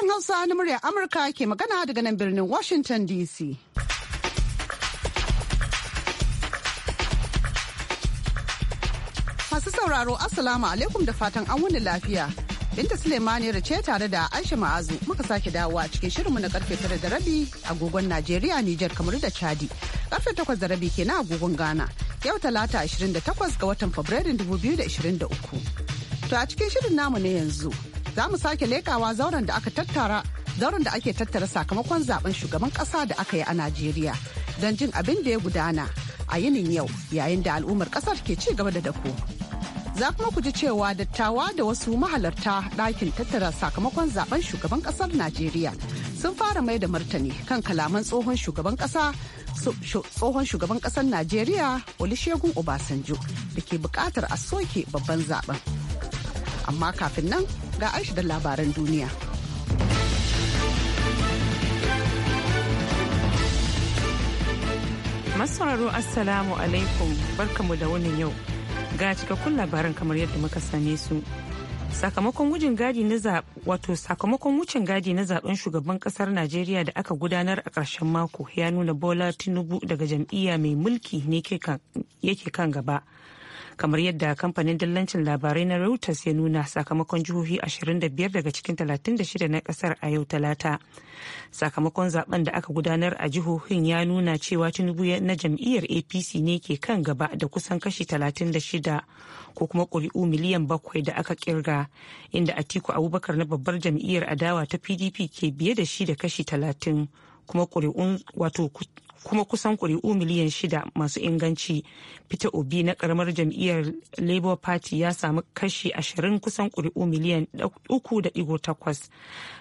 Sashen Hausa na murya Amurka ke magana daga nan birnin Washington DC. Masu sauraro Assalamu alaikum da fatan an wani lafiya. Binta Suleimani ce tare da Aisha Ma'azu muka sake dawowa cikin shirinmu na karfe tara da rabi agogon Najeriya, Nijar kamar da Chadi. Karfe takwas da rabi kenan agogon Ghana. Yau talata 28 ga watan Fabrairu 2023. To a cikin shirin namu na yanzu za mu sake lekawa zauren da aka tattara zauren da ake tattara sakamakon zaben shugaban kasa da aka yi a Najeriya don jin abin da ya gudana a yinin yau yayin da al'ummar kasar ke ci gaba da dako. Za kuma ku ji cewa dattawa da wasu mahalarta ɗakin tattara sakamakon zaben shugaban kasar Najeriya sun fara mai da martani kan kalaman tsohon shugaban kasa tsohon shugaban kasar Najeriya Olusegun Obasanjo da ke bukatar a soke babban zaben. amma kafin nan ga aishi da labaran duniya. Masauraro Assalamu alaikum barkamu da wani yau ga cikakkun labaran kamar yadda muka same su. Sakamakon wucin gadi na wato sakamakon wucin gadi na zaben shugaban kasar Najeriya da aka gudanar a ƙarshen mako ya nuna Bola Tinubu daga jam'iyya mai mulki ne yake kan gaba. kamar yadda kamfanin dillancin labarai na reuters ya nuna sakamakon jihohi 25 daga cikin 36 na kasar a yau talata sakamakon zaben da aka gudanar a jihohin ya nuna cewa tinubu na jam'iyyar apc ne ke kan gaba da kusan kashi 36 ko kuma ƙuri'u miliyan bakwai da aka kirga inda atiku abubakar na babbar jam'iyyar adawa ta pdp ke biye da shi da kashi 30 kuma ƙuri'un wato kuma kusan kuri'u miliyan shida masu inganci peter obi na karamar jam'iyyar labour party ya samu kashi ashirin kusan kuri'u miliyan uku da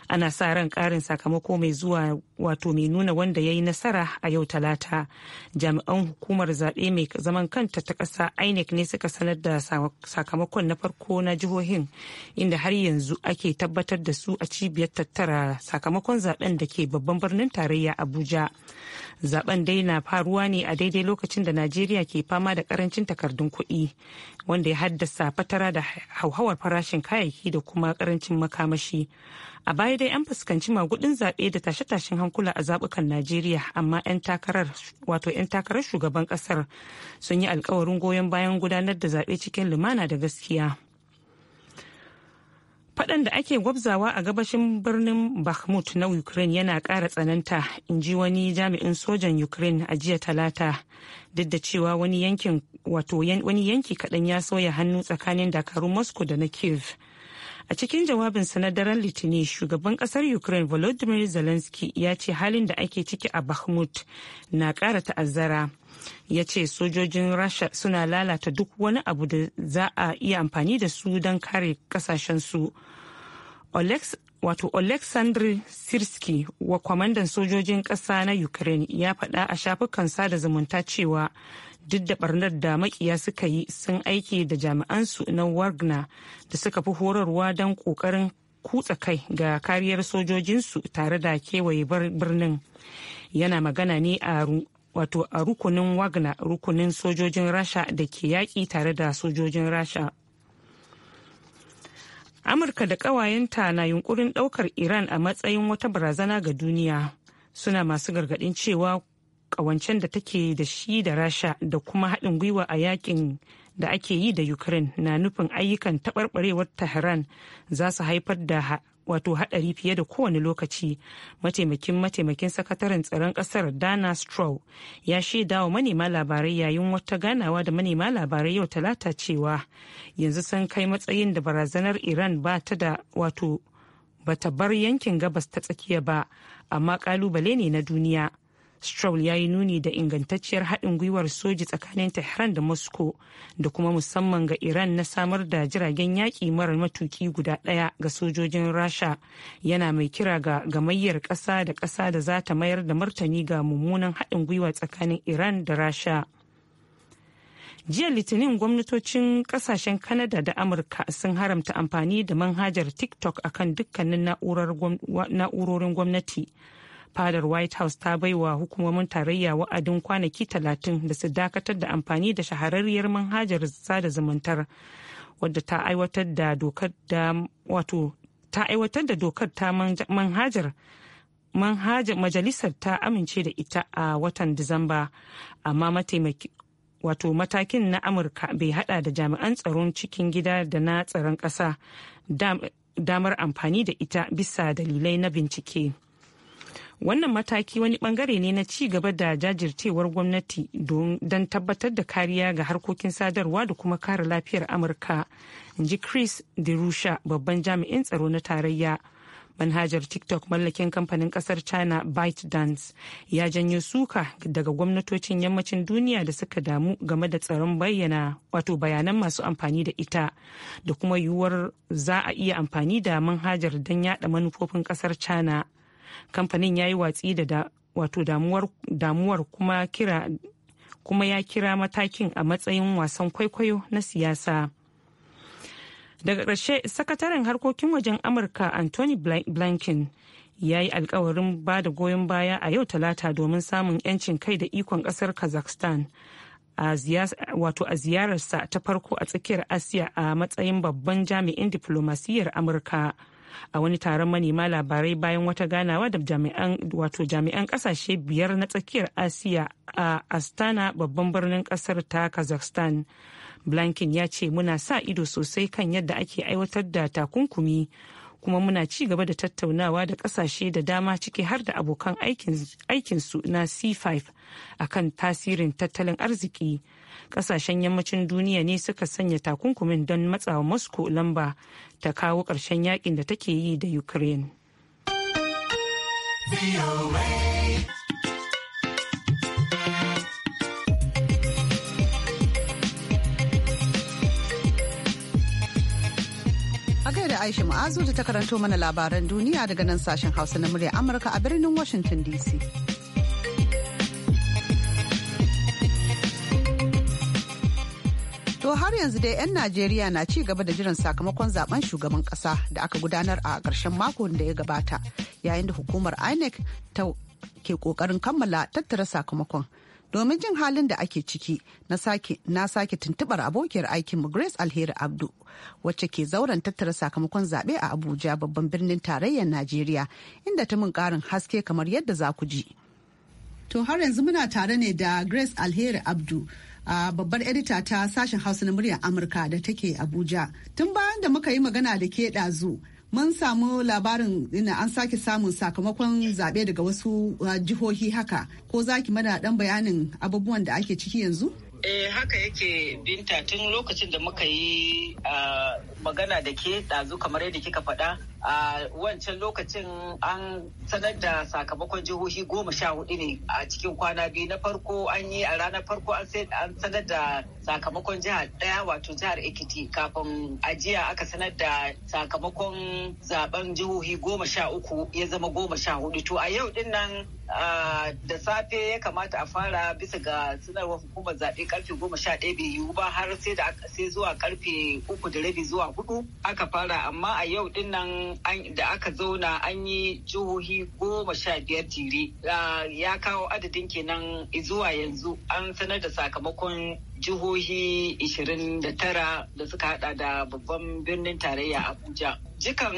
ana sa ran karin sakamako mai zuwa wato mai nuna wanda ya yi nasara a yau talata jami'an hukumar zaɓe mai zaman kanta ta ƙasa inec ne suka sanar da sakamakon na farko na jihohin inda har yanzu ake tabbatar da su a cibiyar tattara sakamakon zaɓen da ke babban birnin tarayya abuja zaben dai na faruwa ne a daidai lokacin da najeriya ke fama da karancin takardun kuɗi wanda ya haddasa fatara da hauhawar farashin kayayyaki da kuma karancin makamashi a baya dai an fuskanci magudin zaɓe da tashe-tashen hankula a zaɓukan najeriya amma 'yan takarar 'yan takarar shugaban ƙasar sun yi alkawarin goyon bayan gudanar da zaɓe cikin lumana da gaskiya faɗan da ake gwabzawa a gabashin birnin bakhmut na ukraine yana ƙara tsananta in ji wani jami'in sojan ukraine a jiya talata duk da cewa wani yanki kaɗan ya sauya hannu tsakanin dakarun moscow da na kiev A cikin jawabin na litini Litinin shugaban kasar Ukraine Volodymyr Zelensky ya ce halin da ake ciki a Bakhmut na ƙara ta'azzara. Ya ce sojojin Rasha suna lalata duk wani abu da za a iya amfani da su don kare kasashensu. Wato Oleksandr Sirski wa kwamandan sojojin ƙasa na Ukraine ya faɗa a shafukan sada zumunta cewa duk da barnar da makiya suka yi sun aiki da jami'ansu na wagner da suka fi horarwa don kokarin kutsa kai ga kariyar sojojinsu tare da kewaye birnin yana magana ne a wato a rukunin wagner rukunin sojojin rasha da ke yaƙi tare da sojojin rasha amurka da ƙawayenta na yunkurin ɗaukar iran a matsayin wata barazana ga duniya suna masu gargaɗin cewa kawancen da take da shi da rasha da kuma haɗin gwiwa a yakin da ake yi da ukraine na nufin ayyukan taɓarɓarewar tehran za su haifar da wato haɗari fiye da kowane lokaci mataimakin mataimakin sakataren tsaron ƙasar dana straw ya shaida wa manema labarai yayin wata ganawa da manema labarai yau talata cewa yanzu sun kai matsayin da barazanar iran ba ta da wato bata bar yankin gabas ta tsakiya ba amma ƙalubale ne na duniya Stroll ya yi nuni da ingantacciyar haɗin gwiwar soji tsakanin Tehran da Moscow da kuma musamman ga Iran na samar da jiragen yaƙi marar matuki guda ɗaya ga sojojin Rasha yana mai kira ga gamayyar ƙasa da ƙasa da za ta mayar da martani ga mummunan haɗin gwiwa tsakanin Iran da Rasha. jiya litinin gwamnatocin kasashen kanada da amurka sun haramta amfani da manhajar tiktok akan dukkanin na'urorin gwamnati fadar white house ta wa hukumomin tarayya wa'adin kwanaki talatin da su dakatar da amfani da shahararriyar manhajar sada zumuntar wadda ta aiwatar da dokar da wato ta aiwatar da dokar ta manhajar manhajar majalisar ta amince da ita a watan disamba amma mataimaki wato matakin na amurka bai hada da jami'an tsaron cikin gida da na tsaron kasa damar amfani da ita bisa dalilai na bincike. wannan mataki wani bangare ne na ci gaba da jajircewar gwamnati don tabbatar da kariya ga harkokin sadarwa da kuma kare lafiyar amurka in ji chris derusha babban jami'in tsaro na tarayya manhajar tiktok mallakin kamfanin kasar china ByteDance ya janyo suka daga gwamnatocin yammacin duniya da suka damu game da tsaron bayyana wato bayanan masu amfani da ita da kuma yiwuwar za a iya amfani da manhajar don yada manufofin kasar china kamfanin ya yi watsi da wato damuwar kuma kira kuma ya kira matakin a matsayin wasan kwaikwayo na siyasa daga ƙarshe sakataren harkokin wajen amurka anthony blinken ya yi alkawarin ba da goyon baya a yau talata domin samun 'yancin kai da ikon ƙasar kazakhstan wato a ziyararsa ta farko a tsakiyar asiya a matsayin babban jami'in diflomasiyyar amurka. a wani taron manema labarai bayan wata ganawa da jami'an kasashe biyar na tsakiyar asiya a astana babban birnin kasar ta kazakhstan blanken ya ce muna sa ido sosai kan yadda ake aiwatar da takunkumi kuma muna ci gaba da tattaunawa da kasashe da dama ciki har da abokan aikinsu na c5 akan tasirin tattalin arziki kasashen yammacin duniya ne suka sanya takunkumin don matsawa moscow lamba ta kawo ƙarshen yakin da take yi da ukraine Aisha mu'azu da ta karanto mana labaran duniya daga nan sashen Hausa na murya Amurka a birnin Washington DC. To har yanzu dai 'yan Najeriya na ci gaba da jiran sakamakon zaben shugaban kasa da aka gudanar a ƙarshen makon da ya gabata yayin da hukumar INEC ta ke ƙoƙarin kammala tattara sakamakon. domin jin halin da ake ciki na sake tuntubar abokiyar aikinmu grace alheri abdu wacce ke zauren tattara sakamakon zaɓe a abuja babban birnin tarayyar najeriya inda ta mun ƙarin haske kamar yadda za ku ji to har yanzu muna tare ne da grace alheri abdu a babbar edita ta sashen hausa na muryar amurka da take abuja tun bayan da muka yi magana da ke ɗazu mun samu labarin ina an sake samun sakamakon zaɓe daga wasu uh, jihohi haka ko zaki ki mana ɗan bayanin abubuwan da ake ciki yanzu? Eh haka yake binta tun lokacin da muka yi uh, magana da ke ɗazu kamar yadda kika faɗa a wancan lokacin an sanar da sakamakon jihohi goma sha hudu ne a cikin kwana biyu na farko an yi a ranar farko an sanar da sakamakon jihar daya wato jihar ekiti kafin ajiya aka sanar da sakamakon zaben jihohi goma sha uku ya zama goma sha hudu to a yau din nan da safe ya kamata a fara bisa ga sanarwar hukumar zaɓe karfe goma sha ɗaya bai yiwu ba har sai zuwa karfe uku da rabi zuwa hudu aka fara amma a yau din nan da aka zauna an yi jihohi goma sha biyar jere ah, ya kawo adadin kenan zuwa yanzu an sanar da sakamakon jihohi 29 da suka hada da babban birnin tarayya abuja jikan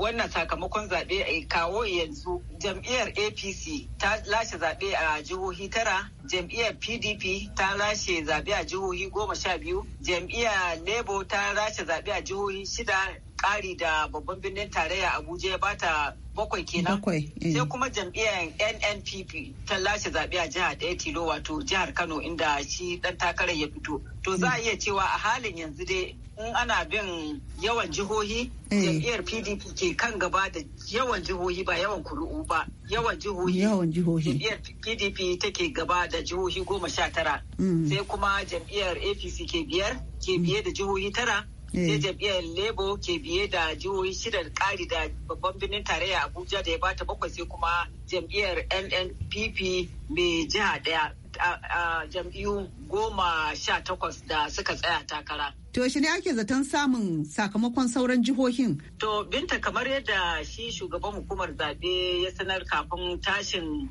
wannan sakamakon zaɓe a eh, kawo yanzu jam'iyyar apc ta lashe zaɓe a jihohi tara jam'iyyar pdp ta lashe zaɓe a jihohi goma sha biyu jam'iyyar labour ta lashe zaɓe a jihohi shida ƙari da babban birnin tarayya abuja ya bata bakwai kenan eh. sai kuma jam'iyyar nnpp ta lashe zaɓe a jihar ɗaya tilo wato jihar kano inda shi ɗan takarar ya fito to za a mm. iya cewa a halin yanzu dai in ana bin yawan jihohi eh. jam'iyyar pdp ke kan gaba da yawan jihohi ba yawan kuru'u ba yawan jihohi yawan jihohi jam'iyyar pdp take gaba da jihohi goma sha tara mm. sai kuma jam'iyyar apc ke biyar ke mm. biye da jihohi tara sai mm. jam'iyyar lebo ke biye da jihohi shida da kari da babban birnin tarayya abuja da ya bata bakwai sai kuma jam'iyyar nnpp mai jiha daya jam'iyyu goma sha takwas da suka tsaya takara To shi ne ake zaton samun sakamakon sauran jihohin? To binta kamar yadda shi shugaban hukumar zaɓe ya sanar kafin tashin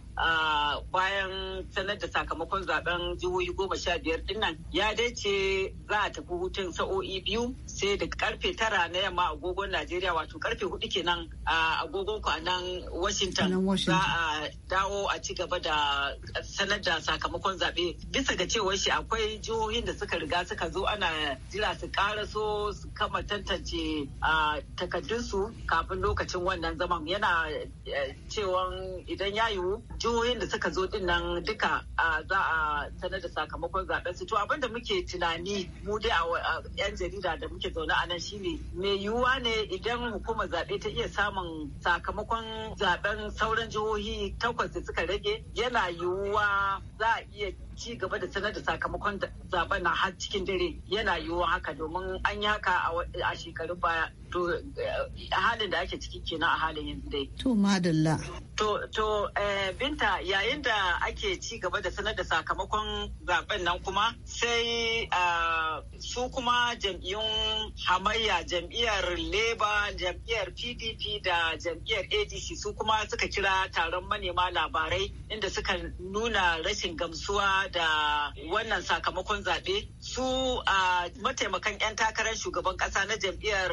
bayan sanar da sakamakon zaben jihohi goma sha biyar dinnan ya dace za a tafi hutun sa'o'i biyu sai da karfe tara na yamma agogon Najeriya wato karfe hudu kenan a agogon ku a nan Washington za a dawo a ci gaba da sanar da sakamakon zaɓe bisa ga cewar shi akwai jihohin da suka riga suka zo ana jira Allah su karaso su kama tantance takardunsu kafin lokacin wannan zaman yana eh, cewa idan ya yiwu jihohin da suka zo din nan duka za a sanar da sakamakon zaben su to abinda muke tunani mu dai a yan jarida da muke zaune a nan shine mai yiwuwa ne idan hukumar zaɓe ta iya samun sakamakon zaɓen sauran jihohi takwas da suka rage yana yiwuwa za a iya ci gaba da sanar da sakamakon zaben na har cikin dare yana yiwuwa haka domin an yi haka a shekaru baya to eh, halin da ake ciki kenan a halin yanzu dai. To madalla. To to eh, binta yayin da ake ci gaba da sanar da sakamakon zaben nan kuma sai ah, su kuma jam'iyyun hamayya jam'iyyar leba, jam'iyyar PDP da jam'iyyar ADC su kuma suka kira taron manema labarai inda suka nuna rashin gamsuwa da wannan sakamakon zaɓe su a ah, mataimakan 'yan takarar shugaban ƙasa na jam'iyyar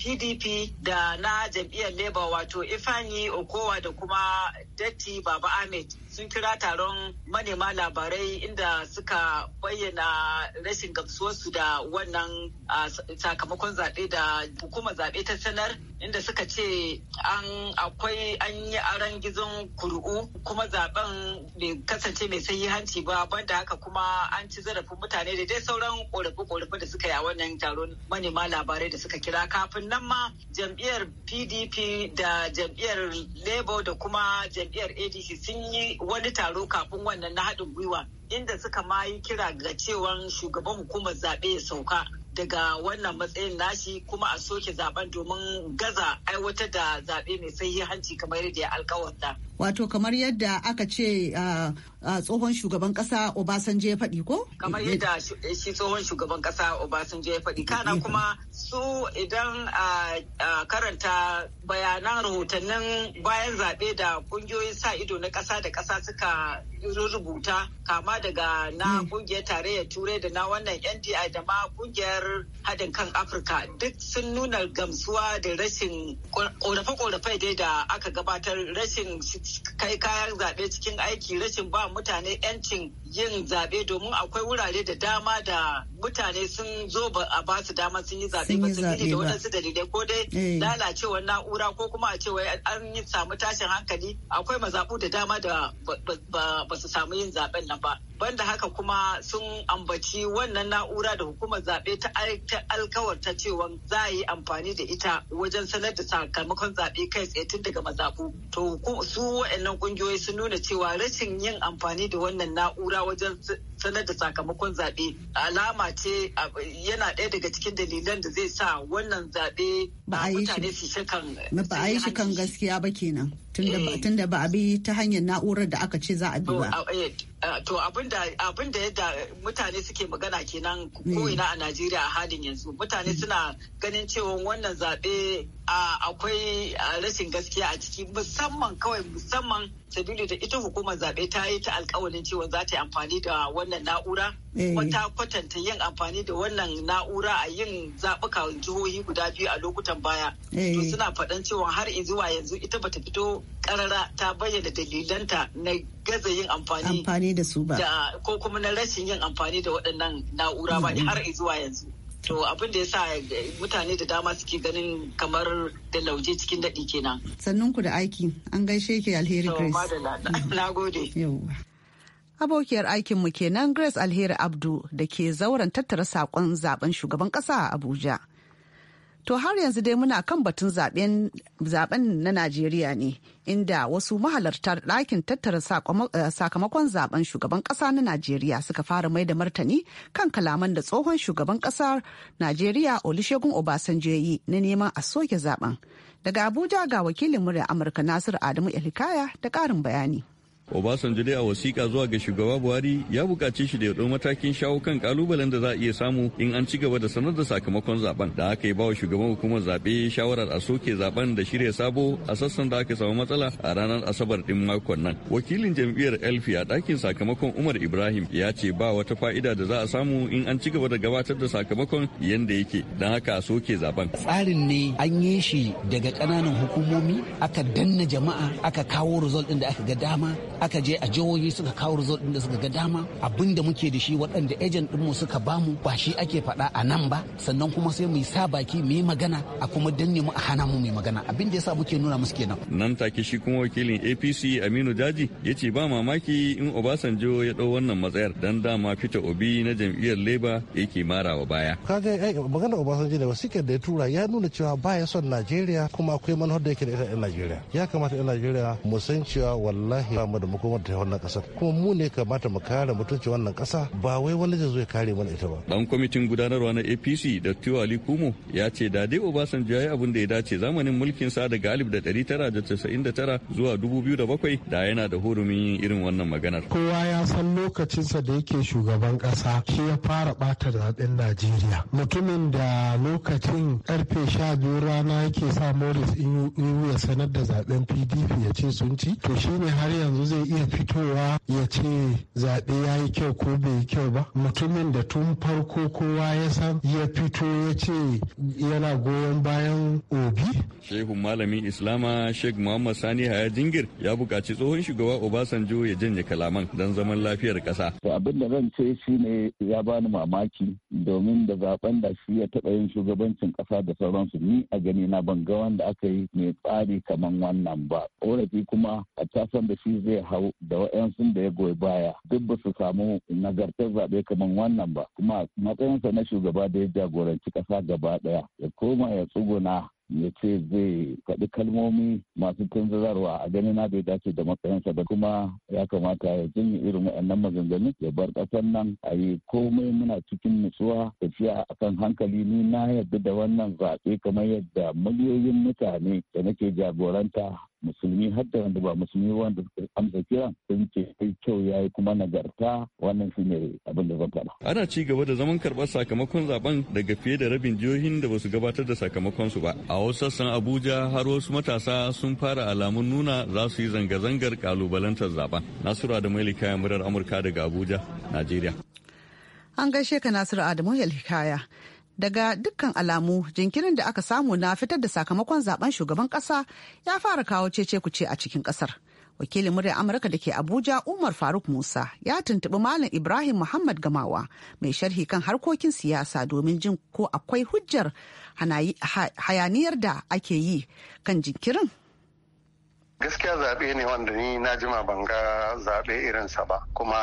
pdp da na jam'iyyar labour wato ifani okowa da kuma datti baba ahmed sun kira taron manema labarai inda suka bayyana rashin gamsuwarsu da wannan sakamakon zaɓe da hukumar zaɓe ta sanar inda suka ce an akwai an yi aron gizon kuru'u kuma zaben bai kasance mai sanyi hanci ba banda haka kuma an ci zarafin mutane da dai sauran korafe-korafe da suka yi a wannan taron manema labarai da suka kira kafin nan ma jam'iyyar pdp da jam'iyyar labour da kuma jam'iyyar adc sun yi wani taro kafin wannan na haɗin gwiwa inda suka ma yi kira ga cewan shugaban hukumar zaɓe ya sauka daga wannan matsayin nashi kuma a soke zaben domin gaza aiwatar da zaɓe mai sahihanci kamar yadda ya alkawarta. Wato kamar yadda aka ce tsohon shugaban kasa Obasanjo ya faɗi ko? Kamar yadda shi tsohon shugaban kasa Obasanjo ya faɗi kana eh. kuma su idan a karanta bayanan rahotannin bayan zaɓe da ƙungiyoyin sa ido na ƙasa da ƙasa suka rubuta kama daga na hmm. ƙungiyar tarayyar turai da na wannan ndi da ma ƙungiyar haɗin kan afirka duk sun nuna gamsuwa da rashin ƙorafe-ƙorafe dai da aka gabatar rashin kai kayan zaɓe cikin aiki rashin ba mutane 'yancin yin zaɓe domin akwai wurare da dama da mutane sun zo a basu su dama sun yi zaɓe zaɓe ba da wadansu dalilai ko dai eh. lalacewar na'ura ko kuma a cewa an yi samu tashin hankali akwai mazaɓu da dama da ba su samu yin zaɓen nan ba. Banda haka kuma sun ambaci wannan na'ura da hukumar zaɓe ta alkawarta cewa za a yi amfani da ita wajen sanar da sakamakon zaɓe kai tsaye tun daga mazaɓu. To su waɗannan ƙungiyoyi sun nuna cewa rashin yin amfani da wannan na'ura wajen sanar da sakamakon zaɓe alama ce yana ɗaya daga cikin dalilan da zai sa wannan zaɓe mutane su shi ba a yi shi kan gaskiya ba kenan eh. tunda ba a bi ta hanyar na'urar da aka ce za a bi ba eh, Eh, to abin da yadda mutane suke magana kenan hmm. ko'ina a najeriya a halin yanzu mutane hmm. suna ganin cewa wannan zaɓe akwai rashin gaskiya a ciki musamman kawai musamman sabili da ita hukumar zaɓe ta yi ta alkawalin cewa za ta yi amfani da wannan na'ura Eh. wata kwatanta yin amfani da wannan na'ura a yin zaɓuka jihohi guda biyu a lokutan baya to eh. suna faɗan cewa har in zuwa yanzu ita bata fito ƙarara ta bayyana dalilanta na gaza yin amfani da su ba ko kuma na rashin yin amfani da waɗannan na'ura ba mm-hmm. har in zuwa yanzu to abin da ya mutane da dama suke ganin kamar da lauje cikin daɗi kenan. sannan ku da aiki an gaishe ki alheri Grace. Mm. Na gode. yauwa abokiyar aikin mu kenan grace alheri abdu da ke zauren tattara sakon zaben shugaban ƙasa a abuja to har yanzu dai muna kan batun zaben na najeriya ne inda wasu mahalarta ɗakin tattara eh, sakamakon zaben shugaban ƙasa na najeriya suka fara mai da martani kan kalaman da tsohon shugaban ƙasa najeriya olusegun obasanjo yi na neman a soke zaben daga abuja ga wakilin murya amurka nasiru adamu elikaya da ƙarin bayani Obasanjo dai a wasiƙa zuwa ga shugaba Buhari ya buƙaci shi da ya ɗau matakin shawo kan ƙalubalen da za a iya samu in an ci gaba da sanar da sakamakon zaben da aka yi ba wa shugaban hukumar zaɓe shawarar a soke zaben da shirya sabo a sassan da aka samu matsala a ranar Asabar ɗin makon nan. Wakilin jam'iyyar Elfi a ɗakin sakamakon Umar Ibrahim ya ce ba wata fa'ida da za a samu in an ci gaba da gabatar da sakamakon yanda yake don haka a soke zaben. Tsarin ne an yi shi daga ƙananan hukumomi aka danna jama'a aka kawo result ɗin da aka ga dama aka je a jihohi suka kawo rizo din da suka ga dama abin da muke da shi waɗanda din mu suka bamu ba shi ake faɗa a nan ba sannan kuma sai mu yi sa baki mu yi magana a kuma danne mu a hana mu mu magana abin da yasa muke nuna musu kenan nan take shi kuma wakilin APC Aminu jaji ya ce ba mamaki in Obasanjo ya ɗau wannan matsayar dan dama fita Obi na jam'iyyar Labour yake marawa baya kaga eh, magana Obasanjo da wasikar da ya tura ya nuna cewa ba ya son Najeriya kuma akwai manhaj da yake da ita Najeriya ya kamata 'yan Najeriya mu san cewa wallahi ba da makomar ta wannan kasar kuma mu ne kamata mu kare mutunci wannan kasa ba wai wani zai zo ya kare mana ita ba dan kwamitin gudanarwa na APC da Ali Kumo ya ce da dai Obasanjo ya yi abin da ya dace zamanin mulkin sa daga 1999 zuwa 2007 da yana da hurumin yin irin wannan maganar kowa ya san lokacinsa da yake shugaban kasa shi ya fara bata zaben Najeriya mutumin da lokacin karfe 12 rana yake sa Morris in ya sanar da zaben PDP ya ce sun ci to shine har yanzu zai zai iya fitowa ya ce zaɓe ya yi kyau ko bai yi kyau ba mutumin da tun farko kowa ya san ya fito ya ce yana goyon bayan obi shehu malamin islama sheikh muhammad sani haya jingir ya buƙaci tsohon shugaba obasanjo ya janye kalaman don zaman lafiyar ƙasa to abin da zan ce shine ya bani mamaki domin da zaben da shi ya taɓa yin shugabancin ƙasa da sauransu ni a gani na ban ga wanda aka yi mai tsari kaman wannan ba ƙorafi kuma a tasan da shi zai hau da wa'yansu da ya goyi baya duk ba su samu nagartar zaɓe kamar wannan ba kuma matsayinsa na shugaba da ya jagoranci ƙasa gaba ɗaya ya koma ya tsuguna ya ce zai faɗi kalmomi masu tunzurarwa a ganin na bai dace da matsayinsa da kuma ya kamata ya janye irin waɗannan maganganu. ya bar ƙasar nan a yi komai muna cikin nutsuwa tafiya a kan hankali ni na yadda da wannan zaɓe kamar yadda miliyoyin mutane da nake jagoranta musulmi har da wanda ba musulmi wanda suka amsa kira sun ce kai kyau ya yi kuma nagarta wannan shi ne abin da zan faɗa. ana ci gaba da zaman karɓar sakamakon zaben daga fiye da rabin jihohin da ba su gabatar da sakamakon su ba a wasu sassan abuja har wasu matasa sun fara alamun nuna za su yi zanga-zangar kalubalantar zaben nasura da maili kayan murar amurka daga abuja najeriya an gaishe ka nasiru adamu hikaya daga dukkan alamu jinkirin da aka samu na fitar da sakamakon zaben shugaban kasa ya fara kawo cece kuce a cikin kasar wakilin murya amurka da ke abuja umar faruk musa ya tuntuɓi malam ibrahim muhammad gamawa mai sharhi kan harkokin siyasa domin jin ko akwai hujjar hayaniyar da ake yi kan jinkirin gaskiya zaɓe ne wanda ni na jima ban ga zaɓe irin sa ba kuma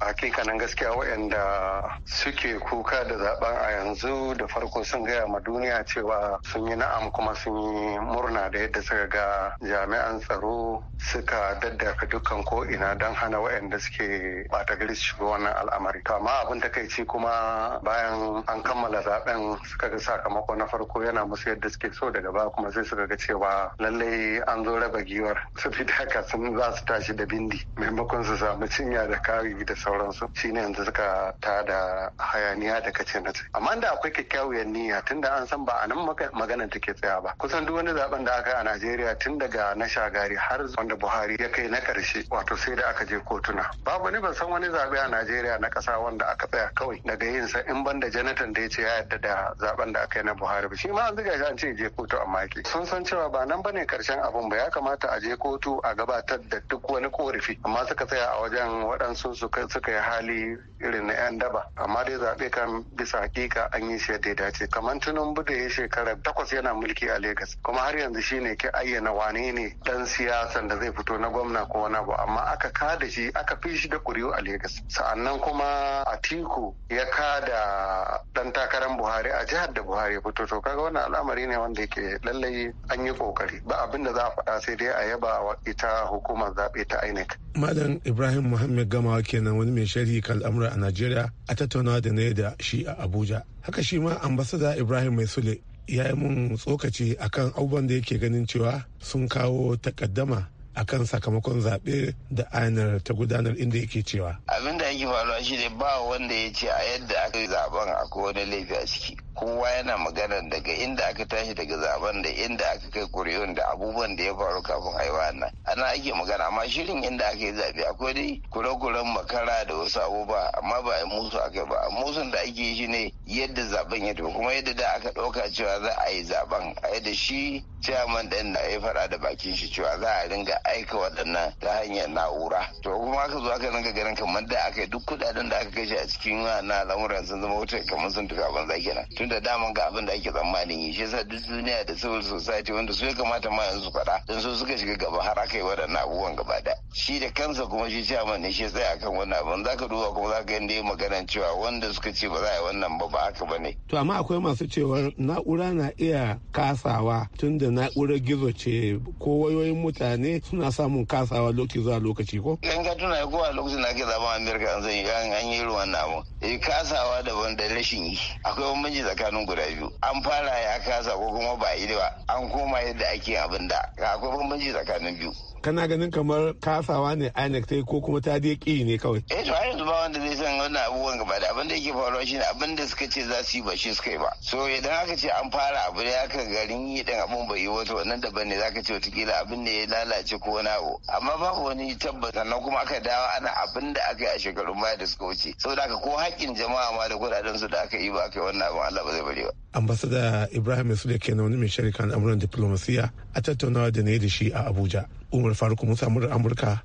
hakikanin gaskiya waɗanda suke kuka da zaɓen a yanzu da farko sun gaya ma duniya cewa sun yi na'am kuma sun yi murna da yadda suka ga jami'an tsaro suka daddaka dukkan ko ina don hana waɗanda suke bata gari su shiga wannan al'amari to amma abin takaici kuma bayan an kammala zaɓen suka ga sakamako na farko yana musu yadda suke so daga baya kuma sai suka ga cewa lallai an zo raba giyo giwar saboda haka sun za su tashi da bindi maimakon su samu cinya da kawi da sauransu shine yanzu suka ta da hayaniya da kace na ce amma da akwai kyakkyawar niyya tun da an san ba a nan maganar take tsaya ba kusan duk wani zaben da aka yi a Najeriya tun daga na shagari har wanda Buhari ya kai na karshe wato sai da aka je kotuna babu ni ban san wani zabe a Najeriya na kasa wanda aka tsaya kawai daga yin sa in banda janatan da ya ce ya yadda da zaben da aka yi na Buhari ba shi ma an zuga shi an ce je kotu amma ke sun san cewa ba nan ba ne karshen abin ba ya kamata a je kotu a gabatar da duk wani korafi amma suka tsaya a wajen waɗansu suka yi hali irin na 'yan daba amma dai zaɓe kan bisa hakika an yi shi da ya dace kamar tunun bude ya shekara takwas yana mulki a Legas kuma har yanzu shine ke ayyana wane ne dan siyasan da zai fito na gwamna ko wani abu amma aka kada shi aka fi shi da kuriyu a Legas sa'annan kuma Atiku ya kada dan takarar Buhari a jihar da Buhari ya fito to kaga wannan al'amari ne wanda yake lallai an yi kokari ba abin da za a faɗa sai dai a a yaba wa ita hukumar zaɓe ta INEC. Malam Ibrahim Muhammad Gamawa kenan wani mai sharhi kan al'amura a Najeriya a tattaunawa da na da shi a Abuja. Haka shi ma ambasada Ibrahim Mai Sule ya yi mun tsokaci akan abubuwan da yake ganin cewa sun kawo takaddama akan sakamakon zaɓe da ainihin ta gudanar inda yake cewa. Abin da yake faruwa shi ne ba wanda ya ce a yadda aka yi zaben akwai wani laifi a ciki. kowa yana magana daga inda aka tashi daga zaben da inda aka kai kuriyun da abubuwan da ya faru kafin a yi ana ake magana amma shirin inda aka yi zaɓe akwai dai kure-kuren makara da wasu abubuwa amma ba a musu aka ba musun da ake yi shine yadda zaben ya tafi kuma yadda da aka ɗauka cewa za a yi zaben a yadda shi chairman ɗin na ya faɗa da bakin shi cewa za a ringa aika waɗannan ta hanyar na'ura to kuma aka zo aka ringa ganin kamar da aka yi duk kuɗaɗen da aka kashe a cikin na lamuran sun zama wuta kamar sun tuka banza kenan tun da daman ga abin da ake tsammanin yi shi yasa duk duniya da civil society wanda su ya kamata ma yanzu faɗa don su suka shiga gaba har aka yi waɗannan abubuwan gaba da shi da kansa kuma shi ciyaman ne shi tsaya akan wannan abin za ka duba kuma za ka yanda ya magana cewa wanda suka ce ba za a yi wannan ba ba haka ba ne. to amma akwai masu cewar na'ura na iya kasawa tun da na'urar gizo ce ko wayoyin mutane suna samun kasawa lokaci zuwa lokaci ko. yan ka tuna ko a lokacin da ake zaben amerika an yi irin wannan abin. Eh, kasawa daban da rashin yi akwai bambanci tsakanin guda biyu an fara ya kasa ko kuma ba yi ba an koma yadda ake abin da akwai bambanci tsakanin biyu kana ganin kamar kasawa ne INEC ta yi ko kuma ta dai ƙi ne kawai. Eh to yanzu ba wanda zai san wannan abubuwan gaba da abin da yake faruwa shine abin da suka ce za su yi ba shi suka yi ba. So idan aka ce an fara abu da aka garin yi din abin bai yi wato wannan daban ne zaka ce watakila abin da ya lalace ko wani abu. Amma babu wani tabbas sannan kuma aka dawo ana abin da aka yi a shekarun baya da suka wuce. Saboda haka ko haƙƙin jama'a ma da kuɗaɗen su da aka yi ba aka yi wannan abin Allah ba zai bari ba. Ambasada Ibrahim Yusuf da ke na wani mai sharikan amuran diplomasiya a tattaunawa da ne da shi a Abuja. umar faruk musa amurka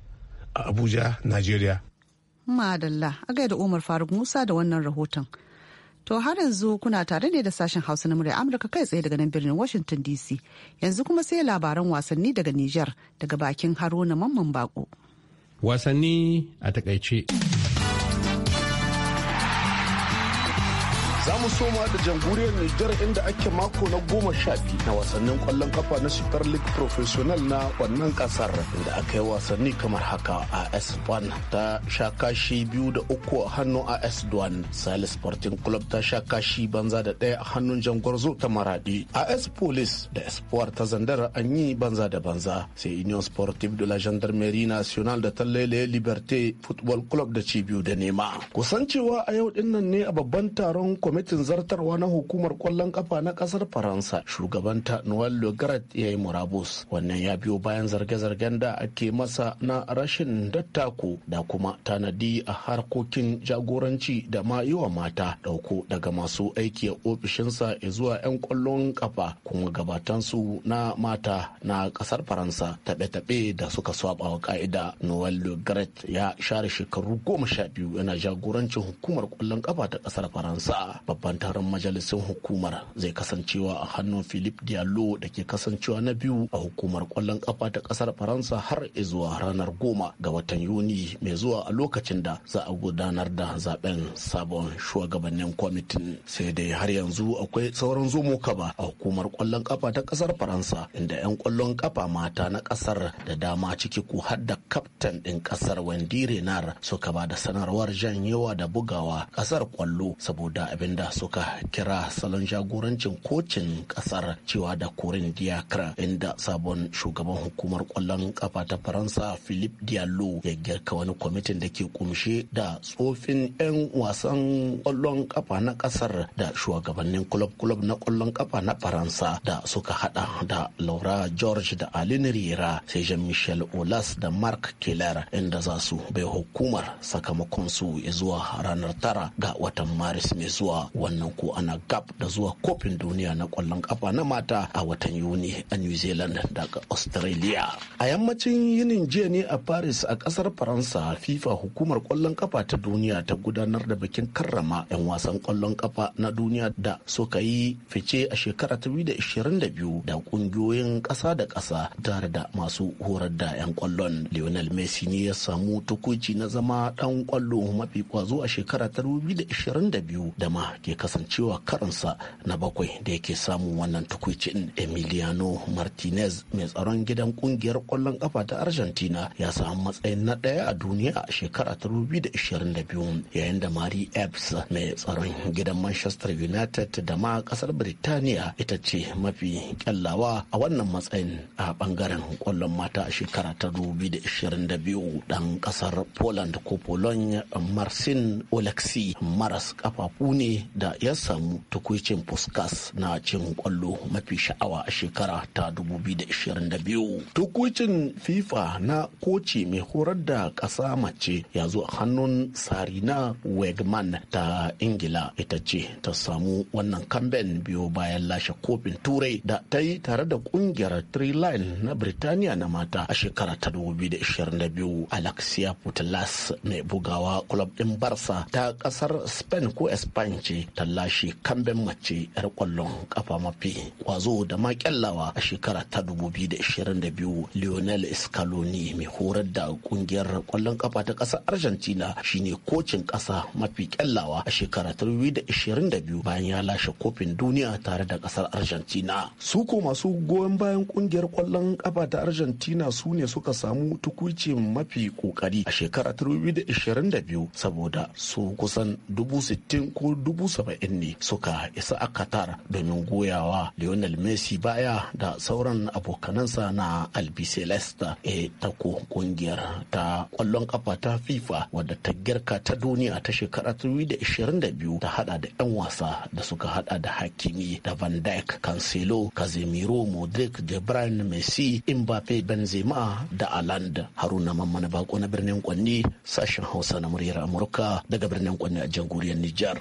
a abuja nigeria madalla a gaida umar faruk musa da wannan rahoton To har yanzu kuna tare ne da sashen Hausa na murya Amurka kai tsaye daga nan birnin Washington DC. Yanzu kuma sai labaran wasanni daga Nijar daga bakin Haruna Mamman Bako. Wasanni a takaice. Za mu soma da jamhuriyar Nijar inda ake mako na goma sha biyu na wasannin kwallon kafa na Super League Professional na wannan kasar inda aka yi wasanni kamar haka a S1 ta sha kashi biyu da uku a hannu a s 1 Salis Sporting Club ta sha kashi banza da ɗaya a hannun zo ta Maradi. s Police da Espoir ta zandara an yi banza da banza. Sai Union Sportive de la Gendarmerie Nationale da Tallele Liberté Football Club da cibiyu da nema. Kusancewa a yau dinnan ne a babban taron kwamitin kwamitin zartarwa na hukumar kwallon kafa na kasar faransa shugabanta noel le garet ya yi murabus wannan ya biyo bayan zarge-zargen da ake masa na rashin dattako da kuma tanadi a harkokin jagoranci da ma yi wa mata dauko daga masu aiki a ofishinsa zuwa 'yan kwallon kafa kuma gabatansu na mata na kasar faransa taɓe-taɓe da suka saba wa ka'ida noel le ya share shekaru goma sha biyu yana jagorancin hukumar kwallon kafa ta kasar faransa babban taron majalisun hukumar zai kasancewa a hannun Philippe diallo da ke kasancewa na biyu a hukumar kwallon kafa ta kasar faransa har zuwa ranar goma ga watan yuni mai zuwa a lokacin da za a gudanar da zaben sabon shugabannin kwamitin sai dai har yanzu akwai sauran zomo ba a hukumar kwallon kafa ta kasar faransa inda 'yan kwallon kafa mata na kasar da dama ciki ko har da kaftan din kasar wendy renard suka ba da sanarwar janyewa da bugawa kasar kwallo saboda abin da suka kira salon jagorancin kocin kasar cewa da korin diakra inda sabon shugaban hukumar kwallon kafa ta faransa philip diallo ya girka wani kwamitin da ke kumshe da tsofin 'yan wasan kwallon kafa na ƙasar da shugabannin kulob-kulob na kwallon kafa na faransa da suka hada da laura george da alin riera sai jean-michel olas da mark keller inda za su bai hukumar sakamakon su zuwa ranar tara ga watan maris mai zuwa wannan ko ana gab da zuwa kofin duniya na kwallon kafa na mata a watan yuni a new zealand daga australia a yammacin yinin jiya ne a paris a kasar faransa fifa hukumar kwallon kafa ta duniya ta gudanar da bikin karrama 'yan wasan kwallon kafa na duniya da suka yi fice a shekara 2022 da kungiyoyin kasa da kasa tare da masu horar da 'yan kwallon lionel messi ne ya samu tukuci na zama dan kwallo mafi kwazo a shekara 2022 da ma ke kasancewa karansa na bakwai da yake samun wannan tukwicin emiliano martinez mai tsaron gidan kungiyar kwallon kafa ta argentina ya samu matsayin na daya a duniya a shekara ta 2022 yayin da mari epps mai tsaron gidan manchester united da ma kasar birtaniya ita ce mafi kyallawa a wannan matsayin a bangaren kwallon mata a shekara ta 2022 dan kasar poland ko Poland marcin oleksi maras kafafu ne da ya samu tukwicin puskas na cin kwallo mafi sha'awa a shekara ta 2022 tukwicin fifa na koci mai horar da ƙasa mace ya zo hannun sarina wegman ta ingila ita ce ta samu wannan kamben biyo bayan lashe kofin turai da ta yi tare da ƙungiyar line na Britaniya na mata a shekara ta 2022 alexia putelas mai bugawa club din barsa ta ƙasar spain ko Spain. ce tallashi kamben mace 'yar kwallon kafa mafi kwazo da ma ƙyallawa a shekara ta 2022 lionel scaloni mai horar da kungiyar kwallon kafa ta ƙasar argentina shine kocin ƙasa mafi kyallawa a shekara ta 2022 bayan ya lashe kofin duniya tare da ƙasar argentina su ko masu goyon bayan kungiyar kwallon kafa ta argentina su ne suka samu tukucin mafi kokari a shekara ta 2022 saboda su kusan 60,000 ko dubu saba'in ne suka isa a Qatar domin goyawa lionel messi baya da sauran abokanansa na albiceleste e tako kungiyar ta kwallon kafa ta fifa wadda ta girka ta duniya ta shekara 2022 ta hada da 'yan wasa da suka hada da hakimi da van dijk cancelo casemiro modric de bruyne messi mbappe benzema da aland haruna mamman bako na birnin kwanni sashen hausa na muryar amurka daga birnin kwanni a jamhuriyar nijar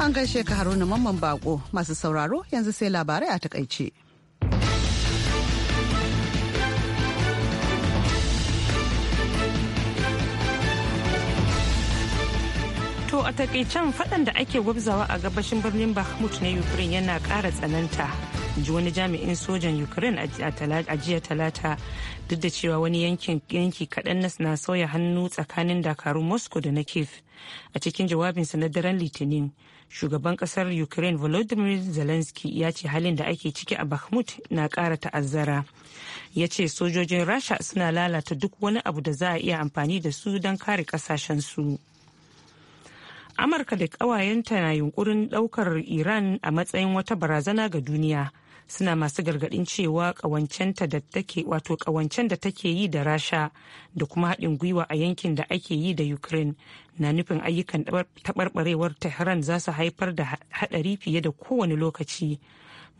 An gaishe ka Haruna Mamman Bako masu sauraro yanzu sai labarai a takaice. To a takaicen faɗan da ake gwabzawa a gabashin birnin Bakhmut na Ukraine yana ƙara tsananta. ji wani jami'in sojan Ukraine a jiya talata duk da cewa wani yanki kaɗan na sauya hannu tsakanin dakarun Moscow da na Kiev. A cikin jawabinsa na daren Litinin, shugaban kasar ukraine volodymyr zelensky ya ce halin da ake ciki a bakhmut na kara ta'azzara ya ce sojojin rasha suna lalata duk wani abu da za a iya amfani da su don kare kasashensu amurka da kawayenta na yunkurin daukar iran a matsayin wata barazana ga duniya suna masu gargadin cewa kawancen da take wato ƙawancen da take yi da rasha da kuma haɗin gwiwa a yankin da ake yi da ukraine na nufin ayyukan taɓarɓarewar tehran za su haifar da haɗari fiye da kowane lokaci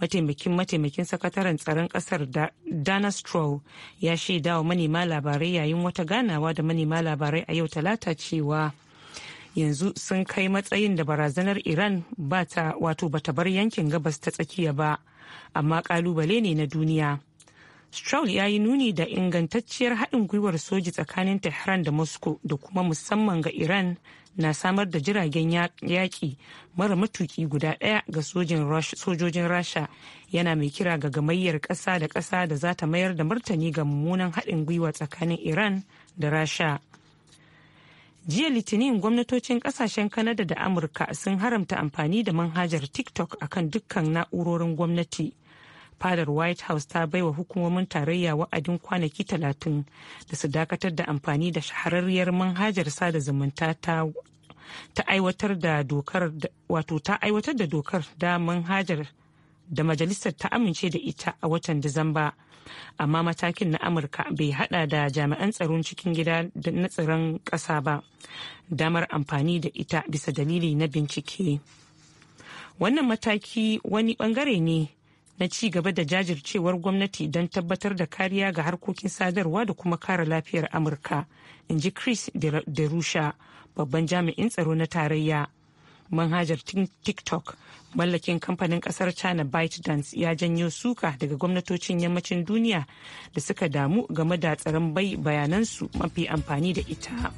mataimakin mataimakin sakataren tsaron kasar dana straw ya shaidawa manema labarai yayin wata ganawa da manema labarai a yau talata cewa yanzu sun kai matsayin da barazanar iran ba ta wato bata bar yankin gabas ta tsakiya ba amma kalubale ne na duniya Stroll ya yi nuni da ingantacciyar haɗin gwiwar soji tsakanin Tehran da Moscow da kuma musamman ga Iran na samar da jiragen yaƙi mara matuki guda ɗaya ga sojojin Rasha yana mai kira ga gamayyar ƙasa da ƙasa da za ta mayar da martani ga mummunan haɗin gwiwa tsakanin Iran da Rasha. jiya litinin gwamnatocin kasashen kanada da amurka sun haramta amfani da manhajar tiktok a kan dukkan na'urorin gwamnati fadar white house ta baiwa hukumomin tarayya wa'adin kwanaki talatin da su dakatar da amfani da shahararriyar manhajar sada zumunta ta ta aiwatar da dokar wato ta aiwatar da dokar da manhajar da majalisar ta amince da ita a watan disamba amma matakin na amurka bai hada da jami'an tsaron cikin gida na tsaron ƙasa ba damar amfani da ita bisa dalili na bincike wannan mataki wani bangare ne na ci gaba da jajircewar gwamnati don tabbatar da kariya ga harkokin sadarwa da kuma kare lafiyar amurka in ji chris derusha babban jami'in tsaro na tarayya manhajar tiktok mallakin kamfanin kasar china ByteDance ya janyo suka daga gwamnatocin yammacin duniya da suka damu game da tsaron bai bayanansu mafi amfani da ita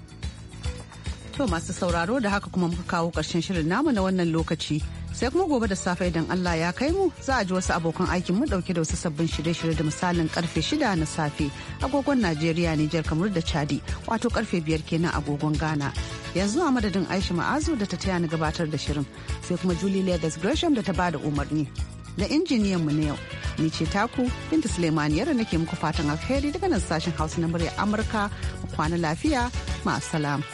to masu sauraro da haka kuma muka kawo karshen shirin namu na wannan lokaci sai kuma gobe da safe idan allah ya kai mu za a ji wasu abokan aikin mu dauke da wasu sabbin shirye-shirye da misalin karfe shida na safe agogon najeriya nijar kamar da chadi wato karfe biyar kenan agogon ghana yanzu a madadin aisha ma'azu da ta taya ni gabatar da shirin sai kuma julie leathers gresham da ta bada umarni da injiniyan mu na yau ni ce taku binta suleiman yara nake muku fatan alheri daga nan sashen hausa na murya amurka kwana lafiya ma'asalam.